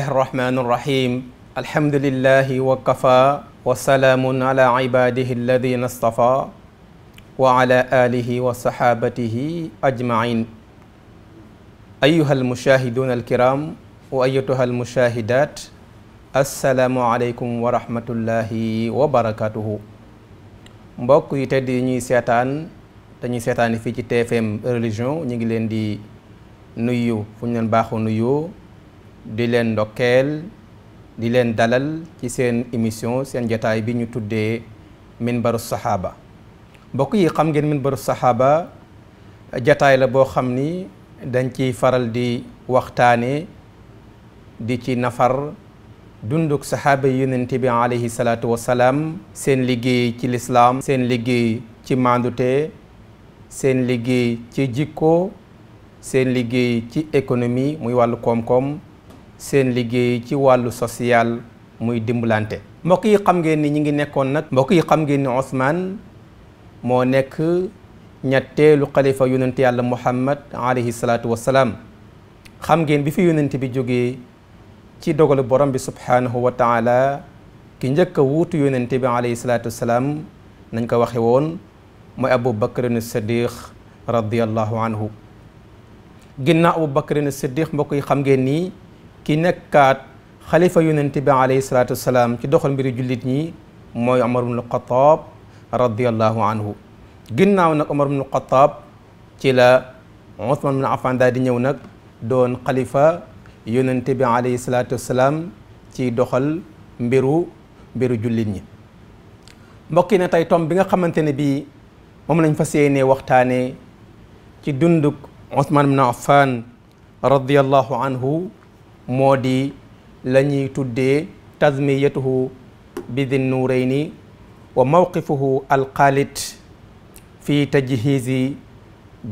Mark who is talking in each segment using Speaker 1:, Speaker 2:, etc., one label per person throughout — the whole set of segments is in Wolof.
Speaker 1: bismillahi irrahmani irrahim alhamdulilahi wa kafa wa salaamun ala ibadihi alladina stafa wa ala alihi wa sahabatihi ajmain ayuha almushahiduna alkiram wa ayatuha almushahidat assalaamu aleykum wa rahmatullahi wa barakatuhu mbokk yi tedd yi ñuy seetaan dañuy seetaani fii ci TFM religion ñu ngi leen di nuyu fu ñu leen baaxoo nuyoo di leen ndokkeel di leen dalal ci seen émission seen jataay bi ñu tuddee minbaru saxaaba mbokk yi xam ngeen minbaru saxaaba jataay la boo xam ni dañ ciy faral di waxtaane di ci nafar dunduk saxaaba yi yonente bi alayhi seen liggéey ci lislaam seen liggéey ci maandute seen liggéey ci jikko seen liggéey ci économie muy wàll koom-koom seen liggéey ci wàllu social muy dimbalante mbokk yi xam ngeen ni ñi ngi nekkoon nag mbokk yi xam ngeen ni Ousmane moo nekk ñetteelu xalifa yonent yàlla Muhammad alayhi salaatu wassalaam xam ngeen bi fi yonent bi jógee ci dogalu borom bi subhaanahu wa taala ki njëkk a wuutu yonent bi alayhi salaatu wassalaam nañ ko waxe woon mooy Abu Bakrin Siddiq radiyallahu anhu ginnaaw Abu Bakrin Siddiq mbokk yi xam ngeen nii ki nekkaat xalifa yonent bi alayhi salaatu wasalaam ci doxal mbiri jullit yi mooy Omar ibnul Xataab radiyallahu anhu ginnaaw nag Omar ibnul Xataab ci la Usmaan ibn Affaan daal di ñëw nag doon xalifa yonent bi alayhi salaatu wasalaam ci doxal mbiru mbiru jullit yi mbokki na tey tom bi nga xamante ne bii moom lañ fa yéenee waxtaanee ci dunduk Usmaan ibn Affaan radiyallahu anhu moo di la ñuy tuddee tazmiyatuhu bi di nuurayni wa mawqifuhu alqaalit fi tajhizi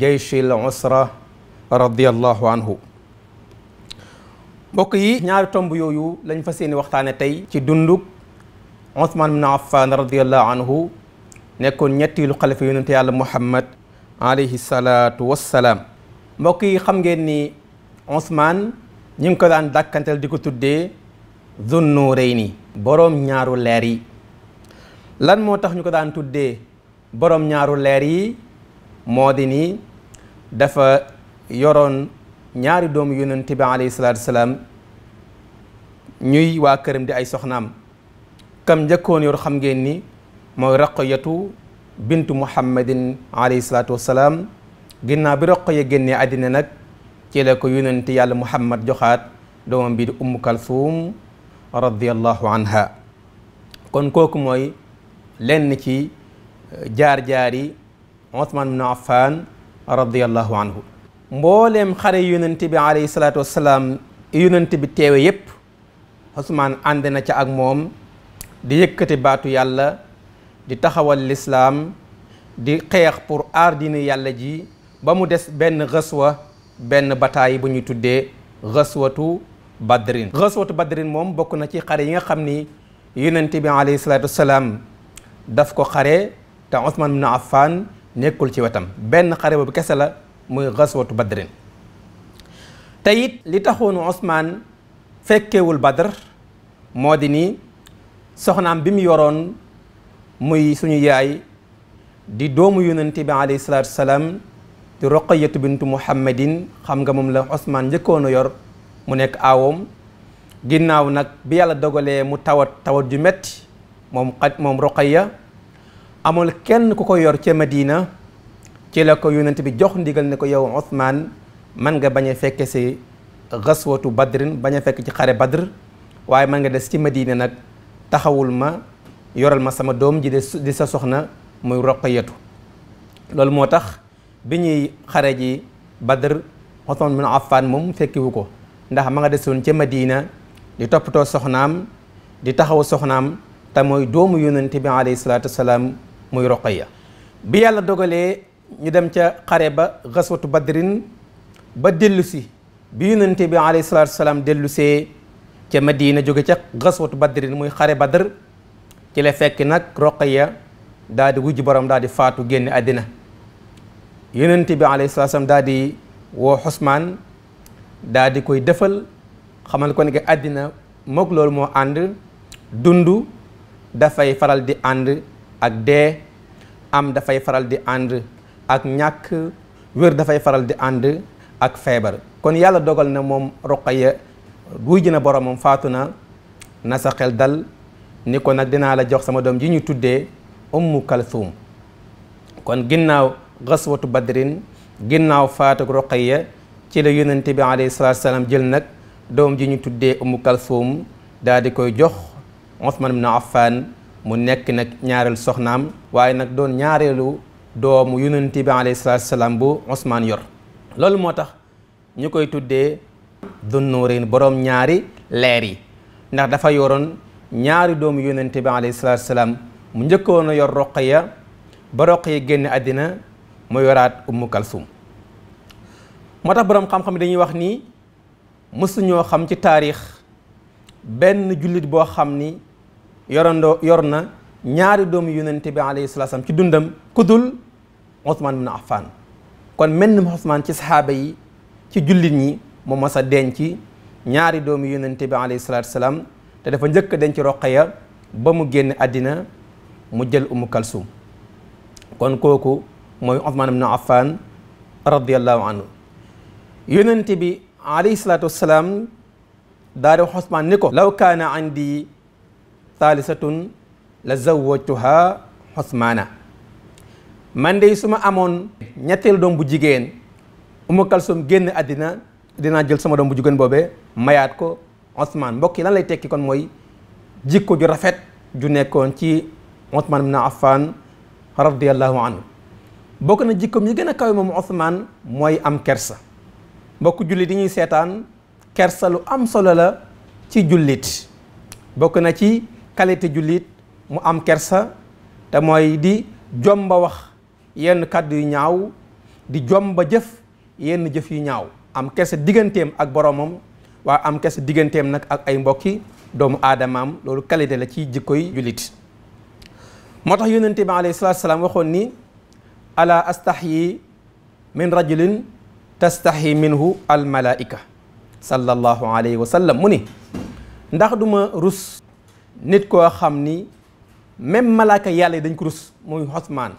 Speaker 1: jayshi l usra radiallahu anhu mbokk yi ñaari tomb yooyu lañ fas yéene waxtaane tey ci dundug Ousmane bin Affan radiallahu anhu yàlla Muhammad alayhi salaatu wassalaam mbokk yi xam ngeen ni ñu ngi ko daan dàkkantel di ko tuddee Zunnurayni boroom ñaaru leer yi lan moo tax ñu ko daan tuddee boroom ñaaru leer yi moo di nii dafa yoroon ñaari doomu yonent bi alayhi salaam ñuy waa këram di ay soxnaam kam njëkkoon yor xam ngeen ni mooy yotu bintu Muhammadin alayhi salaatu wasalaam ginnaaw bi Raqaya génnee àddina nag ci la ko yonent yàlla muhammad joxaat doomam bi di ummu kalsuum radiyallahu anha kon kooku mooy lenn ci euh, jaar-jaari Ousmane bin Affan radiyallahu mbooleem xare yonent bi alayhi salaatu wassalaam yonent bi teewe yépp Ousmane ànd na ca ak moom di yëkkati baatu yàlla di taxawal lislaam di xeex pour aar yàlla ji ba mu des benn xëswa benn bataay bu ñuy tuddee xaswatu badrin xaswatu badrin moom bokk na ci xare yi nga xam ni yonent bi alayhi salaatu wasalaam daf ko xare te Ousmane bin Affan nekkul ci wetam benn xare boobu kese la muy xaswatu badrin te it li taxoon Ousmane fekkewul badr moo di nii soxnaam bi mu yoroon muy suñu yaay di doomu yonent bi alayhi salaatu wasalaam di Roqayatu bintu Muhammadin xam nga moom la osmaan njëkkoon yor mu nekk aawoom ginnaaw nag bi yàlla dogalee mu tawat tawat ju metti moom xat moom Roqaya amul kenn ku ko yor ca Madina ci la ko yonent bi jox ndigal ne ko yow osmaan man nga bañ fekke si gaswatu badrin bañ a fekk ci xare badr waaye man nga des ci Madina nag taxawul ma yoral ma sama doom ji de di sa soxna muy Roqayatu loolu moo tax bi ñuy xare ji Badr Usmaan bin Affaan moom fekkiwu ko ndax ma nga desoon ca Madina di toppatoo soxnaam di taxaw soxnaam te mooy doomu yonent bi alayhi salaatu wasalaam muy Roqaya bi yàlla dogalee ñu dem ca xare ba xaswatu badrin ba dellusi bi yonent bi alayhi salaatu wasalaam dellusee ca Madina jóge ca xaswatu badrin muy xare Badr ci la fekk nag Roqaya daal di wujj borom daal di faatu génn àddina yonent bi alayhi salaam daa di woo Xusmaan daal di koy defal xamal ko ne que àddina moog loolu moo ànd dund dafay faral di ànd ak dee am dafay faral di ànd ak ñàkk wér dafay faral di ànd ak feebar kon yàlla dogal na moom Ruqayya wuy jëna boromam faatu na na sa xel dal ni ko nag dinaa la jox sama doom ji ñu tuddee Ummu Kalthum kon ginnaaw xaswatu badrin ginnaaw faatu faatuk ya ci la yonente bi alayhi salaam jël nag doom ji ñu tuddee umu kalsuum daal di koy jox Usmaan ibn Affaan mu nekk nag ñaareelu soxnaam waaye nag doon ñaareelu doomu yonente bi alayhi salaatu salaam bu Usmaan yor loolu moo tax ñu koy tuddee dunnuurin boroom ñaari leer yi ndax dafa yoroon ñaari doomu yonente bi alayhi salaam mu njëkkoon yor yor ya ba roq yi génn àddina mu yoraat ummu kalsum moo tax boroom xam-xam yi dañuy wax nii mësuñoo xam ci taarix benn jullit boo xam ni yorandoo yor na ñaari doomu yonente bi alayhi salaam ci dundam kudul Ousmane bin Affan kon menn mu Ousmane ci saxaaba yi ci jullit ñi mu mos a denc ñaari doomu yonente bi alayhi salaam te dafa njëkk a denc Roqaya ba mu génn àddina mu jël Umu Kalsum kon kooku mooy Othman ibn Affan radiyallahu anhu yonent bi alayhi salaam wasalaam Othman ni ko law kaana andi taalisatun la zawwajtuha Othmana man de su ma amoon ñetteelu doom bu jigéen Umu Kalsum génn àddina dinaa jël sama doom bu jigéen boobe mayaat ko Othman mbokk yi lan lay tekki kon mooy jikko ju rafet ju nekkoon ci Othman ibn Affan radiyallahu anhu bokk na jikkoom yi gën a kawe moom Ousmane mooy am kersa mbokk jullit yi ñuy seetaan kersa lu am solo la ci jullit bokk na ci qualité jullit mu am kersa te mooy di jomba wax yenn kàddu yu ñaaw di jomba jëf yenn jëf yu ñaaw am kersa digganteem ak boroomam waaye am kersa digganteem nag ak ay mbokki doomu aadamaam loolu qualité la ci jikkoy jullit moo tax yonente bi alayhi salaatu salaam waxoon ni ala astaxyi min rajulin tastaxyi minhu almalaika sallallahu alayhi wa sallam mu ni ndax duma rus nit koo xam ni même malaaka yàlla yi dañ ko rus mooy Usmaan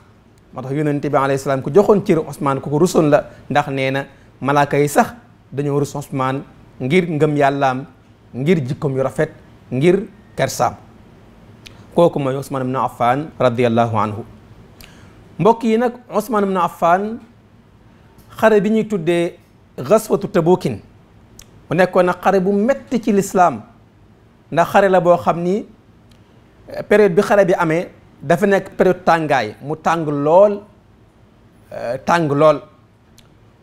Speaker 1: ma tax yonent bi alayhi salaam ku joxoon cër Usmaan ku ko rusoon la ndax nee na malaaka yi sax dañoo rus Usmaan ngir ngëm yàllaam ngir jikkoom yu rafet ngir kersaam kooku mooy Usmaan ibn Affan radiyallahu anhu mbokk yi nag Ousmane ibn Affan xare bi ñuy tuddee xaswatu tabukin mu nekkoon nag xare bu metti ci lislaam ndax xare la boo xam ni période bi xare bi amee dafa nekk période tàngaay mu tàng lool euh, tàng lool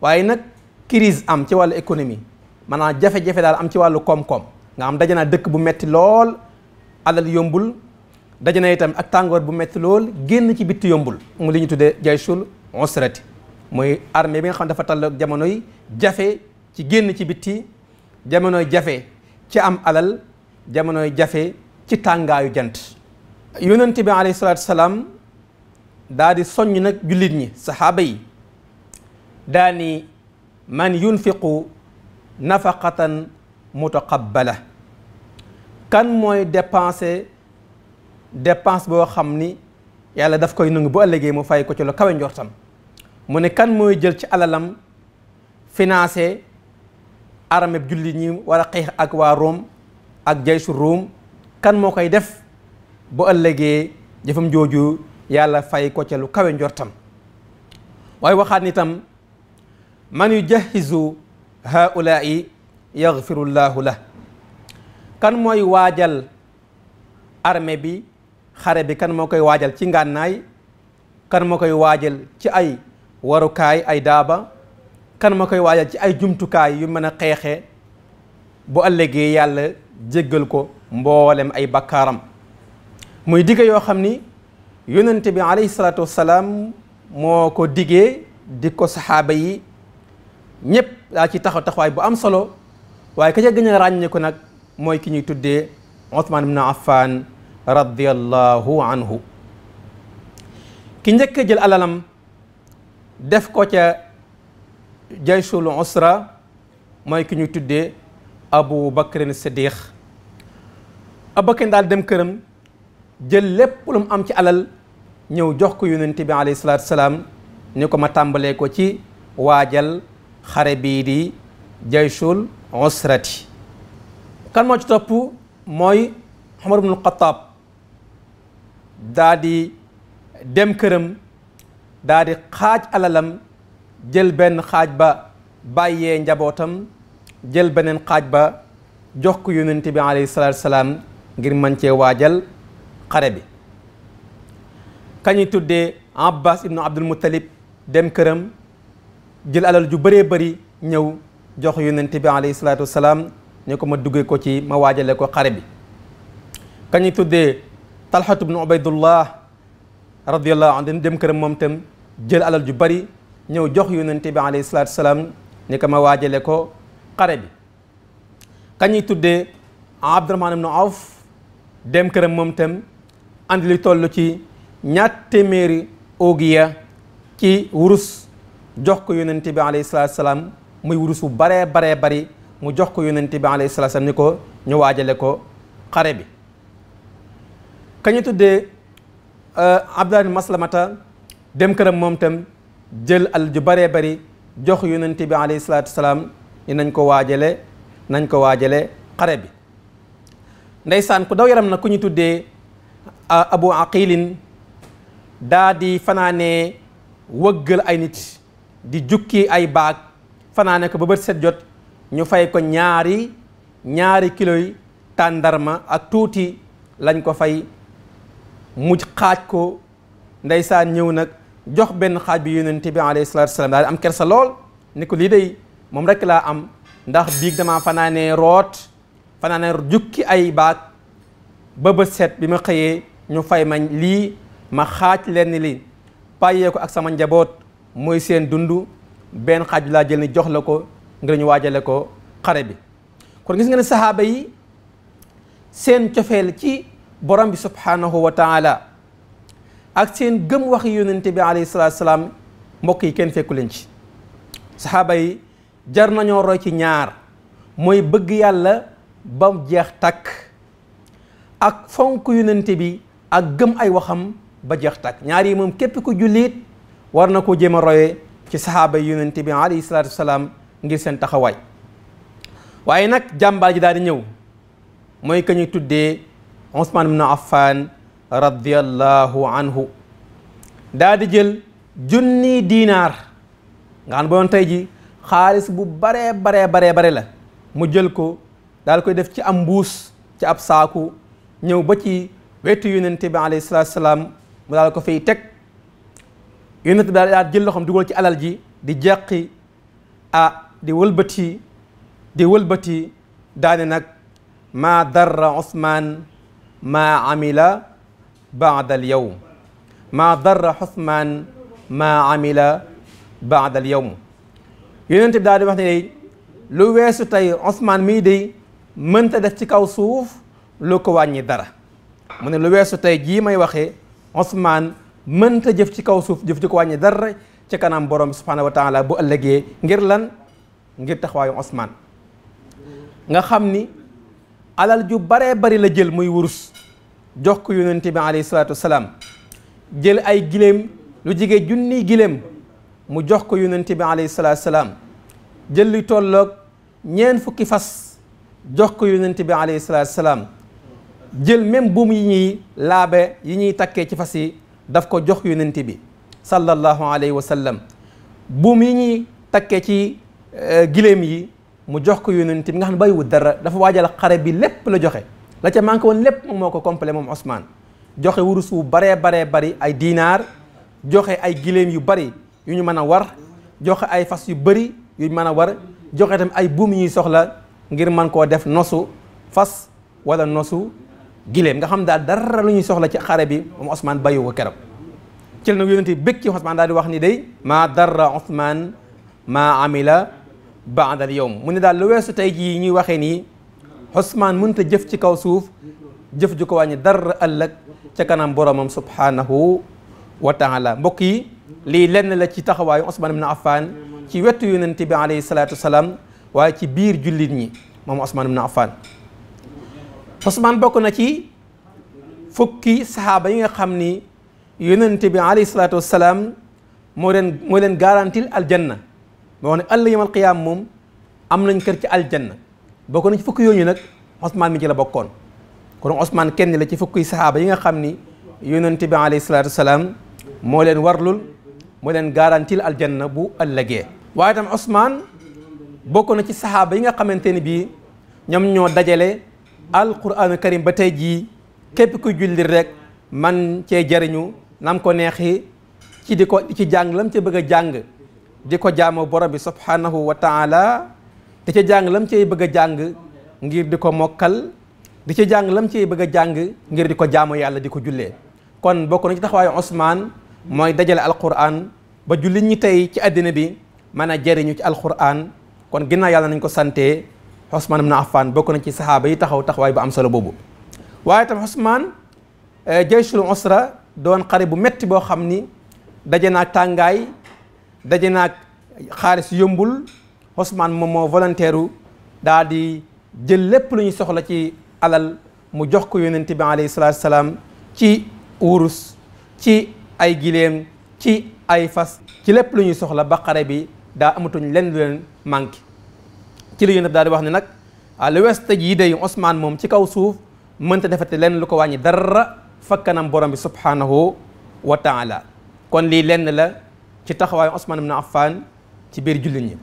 Speaker 1: waaye nag crise am ci wàllu économie maanaam jafe-jafe daal am ci wàllu koom-koom nga am dajanaa dëkk bu metti lool alal yombul daje na itam ak tàngoor bu métti lool génn ci bitti yombul mu li ñu tuddee jayshul usrati mooy armée bi nga xam dafa talloog jamonoy jafe ci génn ci bitti jamonoy jafe ci am alal jamonoy jafe ci tàngaayu jant yonente bi alayhi salaatu salaam daa di soññ nag jullit ñi saxaaba yi daa ni man yunfiqu nafaqatan mutaqabbala kan mooy dépenser depanse boo xam ni yàlla daf koy nangu bu ëllëgee mu fay ko ci lu kawe njortam mu ne kan mooy jël ci alalam financé armée julli ñi war a xeex ak waa Rome ak jaysu Rome kan moo koy def bu ëllëgee jëfam jooju yàlla fay ko ca lu kawe njortam waaye waxaat ni man yu jahizu haulaai yaxfirullaahu la kan mooy waajal armée bi xare bi kan moo koy waajal ci ngànnaay kan moo koy waajal ci ay warukaay ay daaba kan moo koy waajal ci ay jumtukaay yu mën a xeexee bu ëllëgee yàlla jéggal ko mboolem ay bakkaaram muy digge yoo xam ni yonente bi alayhi salaatu wasalaam moo ko diggee di ko saxaaba yi ñëpp daa ci tax taxawaay bu am solo waaye ka ca gën a ràññeeku nag mooy ki ñuy tuddee Othman ibn Affan radiyallahu anhu ki njëkk jël alalam def ko ca jayshul usra mooy ki ñuy tudde abu bakrin siddiq abubakrin daal dem këram jël lépp lu mu am ci alal ñëw jox ko yonent bi alayhi salaatu salaam ni ko ma tàmbalee ko ci waajal xare bii di jayshul usrati kan moo ci topp mooy Umar ibnul Xattaab daadi dem këram daadi xaaj alalam jël benn xaaj ba bàyyee njabootam jël beneen xaaj ba jox ko yonent bi alayhi salaam ngir man cee waajal xare bi kañuy tuddee abbas ibnu abdul muttalib dem këram jël alal ju baree bëri ñëw jox yonent bi alayhi salaatu salaam ne ko ma duggee ko ci ma waajale ko xare bi kañuy tuddee talxatu bnu ubaydullah radiallahu anhu dem këram moom itam jël alal ju bari ñëw jox yonente bi alayhi salaatu salaam ni ko ma waajale ko xare bi kañuy tuddee abdurahmaan ibnu awf dem këram moom itam andi li toll ci ñaat téeméeri ogiya ci wurus jox ko yonente bi alayhi salaatu salaam muy wurus bu baree bare bari mu jox ko yonente bi alayhi salaatu salaam ni ko ñu waajale ko xare bi kañu tuddee euh, Abdullah Maslamata dem këram moom itam jël al ju baree bari jox yonent bi alayhi salaatu salaam ni nañ ko waajale nañ ko waajale xare bi ndeysaan ku daw yaram na ku ñu tuddee euh, abu aqilin daa di fanaanee wëggal ay nit di jukki ay baag fanaane ko ba bët set jot ñu fay ko ñaari ñaari kilo tàndarma ak tuuti lañ ko fay mu xaaj ko ndeysaan ñëw nag jox benn xaaj bi yonent bi alayhi salaatu wasalaam daal am kersa lool ni ko lii day moom rek laa am ndax biig damaa fanaanee root fanaanee jukki ay baag ba bët set bi ma xëyee ñu fay ma lii ma xaaj leen li pàyyee ko ak sama njaboot mooy seen dund benn xaaj bi laa jël ni jox la ko ngir ñu waajale ko xare bi kon gis nga ne saxaaba yi seen cofeel ci borom bi subhaanahu wa taala ak seen gëm waxi yonente bi alayhi salaatu salaam mbokk yi kenn fekku leen ci saxaaba yi jar nañoo roy ci ñaar mooy bëgg yàlla ba jeex takk ak fonk yonente bi ak gëm ay waxam ba jeex takk ñaar moom képp ku jullit war na koo jéem a roye ci saxaaba yi yonente bi alayhi salaatu salaam ngir seen taxawaay waaye nag jàmbaar ji daal di ñëw mooy ka tuddee Ousmane ibn Affan radiyallahu anhu daa jël junni diinaar nga xam ne ji xaalis bu bare bare baree bare la mu jël ko daal koy def ci am mbuus ci ab saaku ñëw ba ci wetu yonent bi alayhi salaam mu daal ko fiy teg yonent bi daal daal jël loxoom dugal ci alal ji di jàqi ah di wëlbati di wëlbati daane nag maa darra Ousmane ma amila baada al yawm maa darra xusmaan maa amila baada al yawm yonent bi daal di wax ne day lu weesu tey osmaan mii day mënta def ci kaw suuf lu ko wàññi dara mu ne lu weesu tey jii may waxee Ousmane mënta jëf ci kaw suuf jëf ci ko wàññi dara ci kanam borom subhaanahu wa taala bu ëllëgee ngir lan ngir taxawaayu osmaan nga xam ni alal ju baree bari la jël muy wurus jox ko yonent bi alayhi salaatu wasalaam jël ay giléem lu jige junniy giléem mu jox ko yonent bi alayhi salaatu salaam jël lu tollook ñeent fukki fas jox ko yonent bi alayhi salaatu salaam jël même buum yi ñuy laabe yi ñuy takkee ci fas yi daf ko jox yonent bi sallallahu alayhi wa sallam buum yi ñuy takkee ci eh, giléem yi mu jox ko yonent bi nga xam ne bàyyiwul dara dafa waajal xare bi lépp la joxe la ca manqué woon lépp moom moo ko complet moom Ousmane joxe wurus wu baree baree bari ay diinaar joxe ay giléem yu bari yu ñu mën a war joxe ay fas yu bari yu ñu mën a war joxe tam ay buum ñuy soxla ngir mën koo def nosu fas wala nosu giléem nga xam daal dara lu ñuy soxla ci xare bi moom Ousmane bàyyiwu ko keroog ci la nag yonent bi bëgg ci Ousmane daal di wax ni day ma darra Ousmane baadal yowm mu ne daal lu weesu tey jii ñuy waxee nii Ousmane mënta jëf ci kaw suuf jëf ju ko wàññi dara ëllëg ca kanam boromam subhanahu wa taala mbokk yi lii lenn la ci taxawaayu Ousmane ibn ci wetu yonente bi alayhi salaatu wasalaam waaye ci biir jullit ñi moom Ousmane ibn Affan Ousmane bokk na ci fukki saxaaba yi nga xam ni yonente bi alayhi salaatu wasalaam moo leen moo leen garantil aljanna moo wax ne ëllëg yawmal qiyaam moom am nañ kër ci aljanna bokk na ci fukki yooyu nag osmaan mi ci la bokkoon kon osmaan kenn la ci fukki saxaaba yi nga xam ni yonent bi alayhi salaatu wasalaam moo leen warlul moo leen garantil aljanna bu ëllëgee waaye tam Ousmane bokk na ci saxaaba yi nga xamante ni bii ñoom ñoo dajale alquranu karim ba tey jii képp kuy julli rek man cee jariñu nam ko neexi ci di ko ci jàng lam ci bëgg a jàng di ko jaamoo borom bi subhanahu wa taala di ca jàng lam cey bëgg a jàng ngir di ko mokkal di ca jàng lam cey bëgg a jàng ngir di ko jaamoo yàlla di ko jullee kon bokk na ci taxawaay Ousmane mooy dajale alquran ba jullit ñi tey ci àddina bi mën a jëriñu ci alquran kon ginnaaw yàlla nañ ko sante Ousmane ibn Affan bokk nañ ci saxaaba yi taxaw taxawaay bu am solo boobu waaye tam Ousmane eh, jayshul usra doon xare bu metti boo xam ni daje naa tàngaay daje naag xaalis yombul osmaan moom moo volontaire daa di jël lépp lu ñu soxla ci alal mu jox ko yonent bi alayhi salaam ci wurus ci ay gileem ci ay fas ci lépp lu ñuy soxla baqare bi daa amatuñ lenn lu leen manqué ci li yonent bi daal di wax ne nag lu wees tëj yi day Ousmane moom ci kaw suuf mënta defati lenn lu ko wàññi dara fakkanam borom bi subhaanahu wa taala kon lii lenn la ci taxawaayu Ousmane ibn Affan ci biir jullit ñi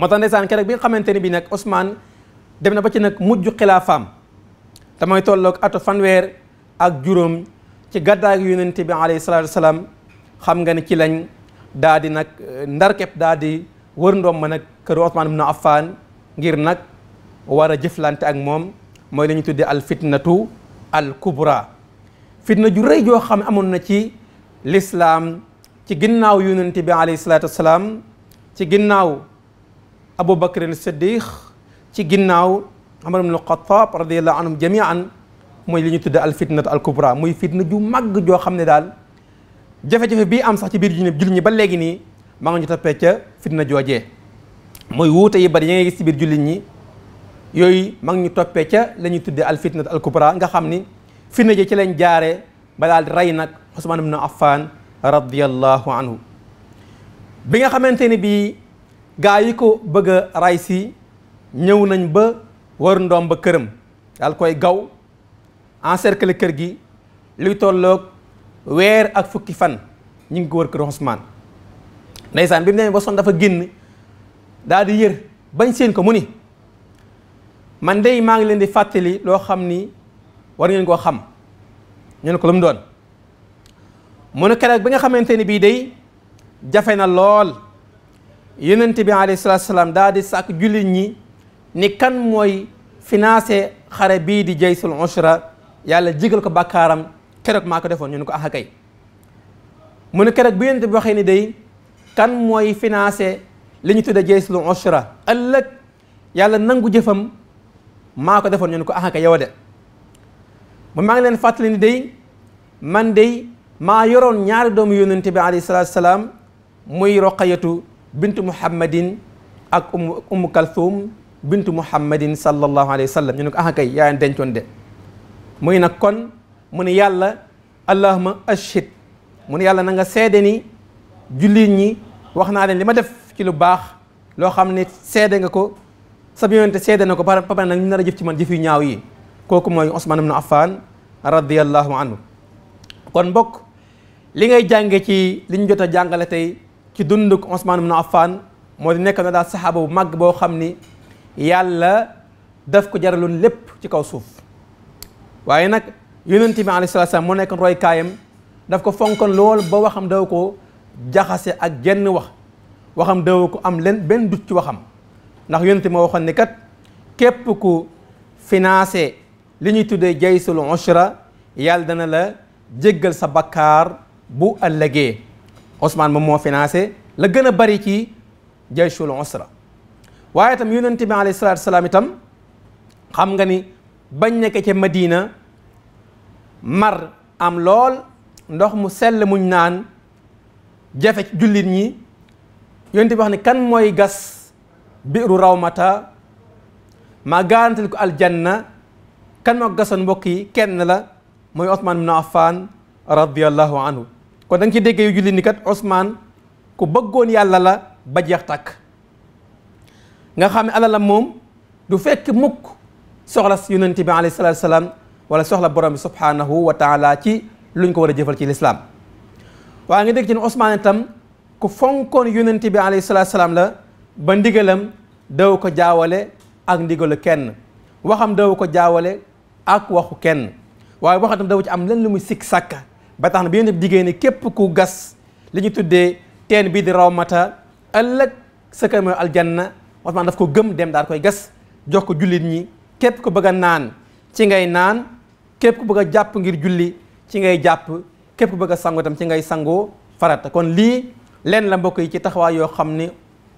Speaker 1: moo tax ndeysaan keroog bi nga xamante ni bi nag osmaan dem na ba ci nag mujj xilaafaam te tollook ato fanweer ak juróom ci gàddaay yonente bi alayhi salaatu wasalaam xam nga ne ci lañ daa di nag euh, ndarkeb daa di wër ndoom ma nag kër Ousmane ibn Affan ngir nag war a jëflante ak moom mooy lañuy ñu tuddee al fitnatu al kubra fitna ju rëy joo xam amoon na ci lislaam ci ginnaaw yonent bi alayhi salaatu ci ginnaaw abu bakrin siddiq ci ginnaaw amar ibn xataab radiallahu anhum mooy li ñu tudde al fitnatu al muy fitna ju màgg joo xam ne daal jafe-jafe bii am sax ci biir jullit ñi ba léegi nii maa ñu toppee ca fitna joojee mooy wuute yi bari ya ngay gis ci biir jullit ñi yooyu maa ñu toppee ca lañuy ñuy tuddee al fitnatu al kubra nga xam ni fitna ji ci lañ jaaree ba daal di rey nag Usmaan ibn Affaan radiyallahu anhu bi nga xamante ni bii gaa yi ko bëgg a ray si ñëw nañ ba wër ndoom ba këram daal koy gaw encercle kër gi luy tollook weer ak fukki fan ñu ngi ko wër kër Ousmane ndeysaan bi mu demee ba son dafa génn daal di yër bañ seen ko mu ni man dey maa ngi leen di fàttali loo xam ni war ngeen koo xam ñu ne ko lu doon mu ne keroog bi nga xamante ni bii day jafe na lool yonent bi alayhi salaatu salaam daal di sàkk jullit ñi ni kan mooy financé xare bii di jaysul ushra yàlla jigal ko bàkkaaram keroog maa ko defoon ñu ne ko axa kay mu ne keroog bi yonent bi waxee ni day kan mooy financé li ñu tudde jaysul ushra ëllëg yàlla nangu jëfam maa ko defoon ñu ne ko axa kay yow de ma maa ngi leen fàttali ni day man day maa yoroon ñaari doomu yónnente bi alayhi salaatu salaam muy roqayatu bintu muhammadin ak um ummu kalthum bintu muhammadin sallallahu alayhi wa sallam ñu ne ko ah kay dencoon de muy nag kon mu yàlla allahuma ashhid mu yàlla na nga seede ni jullit ñi wax naa leen li ma def ci lu baax loo xam ne seede nga ko sa yónnente seede na ko ba pare nag ñu jëf ci man jëf yu ñaaw yi kooku mooy Ousmane ibnu Affan radiyallahu anhu kon mbokk li ngay jànge ci li ñu jot a jàngale tey ci dunduk Ousmane ibn Affan moo di nekk na daal saxaaba bu màgg boo xam ni yàlla daf ko jaraloon lépp ci kaw suuf waaye nag yonent bi alayhi mu nekk roy daf ko fonkoon lool ba daw ko jaxase ak genn wax waxam daw ko am leen benn dut ci waxam ndax yonent moo waxoon ni kat képp ku financé li ñuy tuddee jaysul ushra yàlla dana la jéggal sa bakkaar bu ëllëgee osmaan moom moo financé la gën a bari ci jayshul usra waaye tam yonent bi alayhi salaatu salaam itam xam nga ni bañ nekk ci Madina mar am lool ndox mu sell muñ naan jafe ci jullit ñi yonent bi wax ni kan mooy gas biiru rawmata maa garantil ko aljanna kan moo gasoon mbokk yi kenn la mooy Ousmane ibn Affan radiyallahu anhu kon da ci déggee yu julli ni kat osmaan ku bëggoon yàlla la ba jeex tàkk nga xam ne alalam moom du fekk mukk soxla yonent bi alayhi salaatu salaam wala soxla borom bi subhaanahu wa taala ci luñ ko war a jëfal ci lislaam waaye nga dégg ci ne Ousmane itam ku fonkoon yonent bi alayhi salaatu salaam la ba ndigalam daw ko jaawale ak ndigalu kenn waxam daw ko jaawale ak waxu kenn waaye waxatam daw ci am lenn lu muy sikk sàkka ba tax na bi yonent bi diggée képp ku gas li ñu tuddee teen bii di rawmata ëllëg sëkkër mooy aljanna Usmaan daf ko gëm dem daal koy gas jox ko jullit ñi képp ku bëgg a naan ci ngay naan képp ku bëgg jàpp ngir julli ci ngay jàpp képp ku bëgg a sangu tam ci ngay sangoo farata kon lii lenn la mbokk yi ci taxawaay yoo xam ni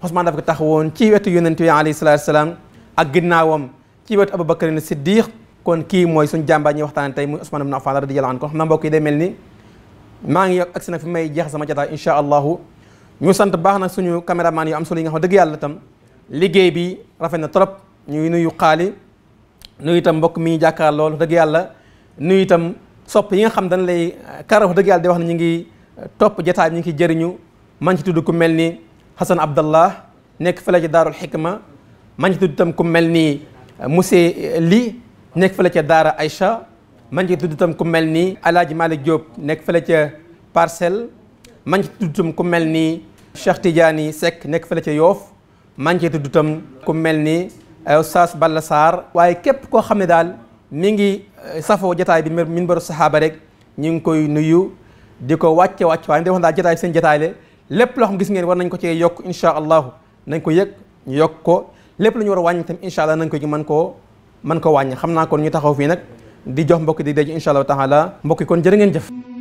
Speaker 1: Usmaan daf ko taxawoon ci wetu yonent bi alayhi salaatu salaam ak ginnaawam ci wetu Abubakar Siddiq kon kii mooy suñu jàmbaar ñuy waxtaane tey muy Usmaan ibn Affaan mbokk yi day mel ni maa ngi yokk agsi nag fi may jeex sama jotaay incha allahu ñu sant baax nag suñu caméraman yu am solo yi nga xam dëgg yàlla itam liggéey bi rafet na trop ñuy nuyu xaali nuyu itam mbokk mi jàkkaar dëgg yàlla nuyu itam sopp yi nga xam dañ lay karaw dëgg yàlla di wax na ñu ngi topp jotaay ñu ngi ciy jëriñu man ci tudd ku mel ni Hassan Abdallah nekk fële ca Daarul Xikma man ci tudd itam ku mel ni monsieur Li nekk fële ca Daara Aïcha man ci tudd tam ku mel nii Alaaji Malick jóob nekk fële ca Parcelles man ci tudd itam ku mel ni Cheikh Tidiane Seck nekk fële ca Yoof man ci duddu tam ku mel ni eh, Oustaz Balla saar waaye képp koo xam ne daal mi ngi eh, safoo jataay bi minbaru saxaaba rek ñu ngi koy nuyu di ko wàcce wàcce waaye di wax daal jataay seen jataay la lépp loo xam gis ngeen war nañ ko ci yokk incha allahu nañ ko yëg ñu yokk ko lépp lu ñu war a wàññi tam incha allah nañ ko ci mën koo mën ko wàññi xam naa kon ñu taxaw fii nag di jox mbokk di daje incha allah taala mbokki kon jërë ngeen jëf.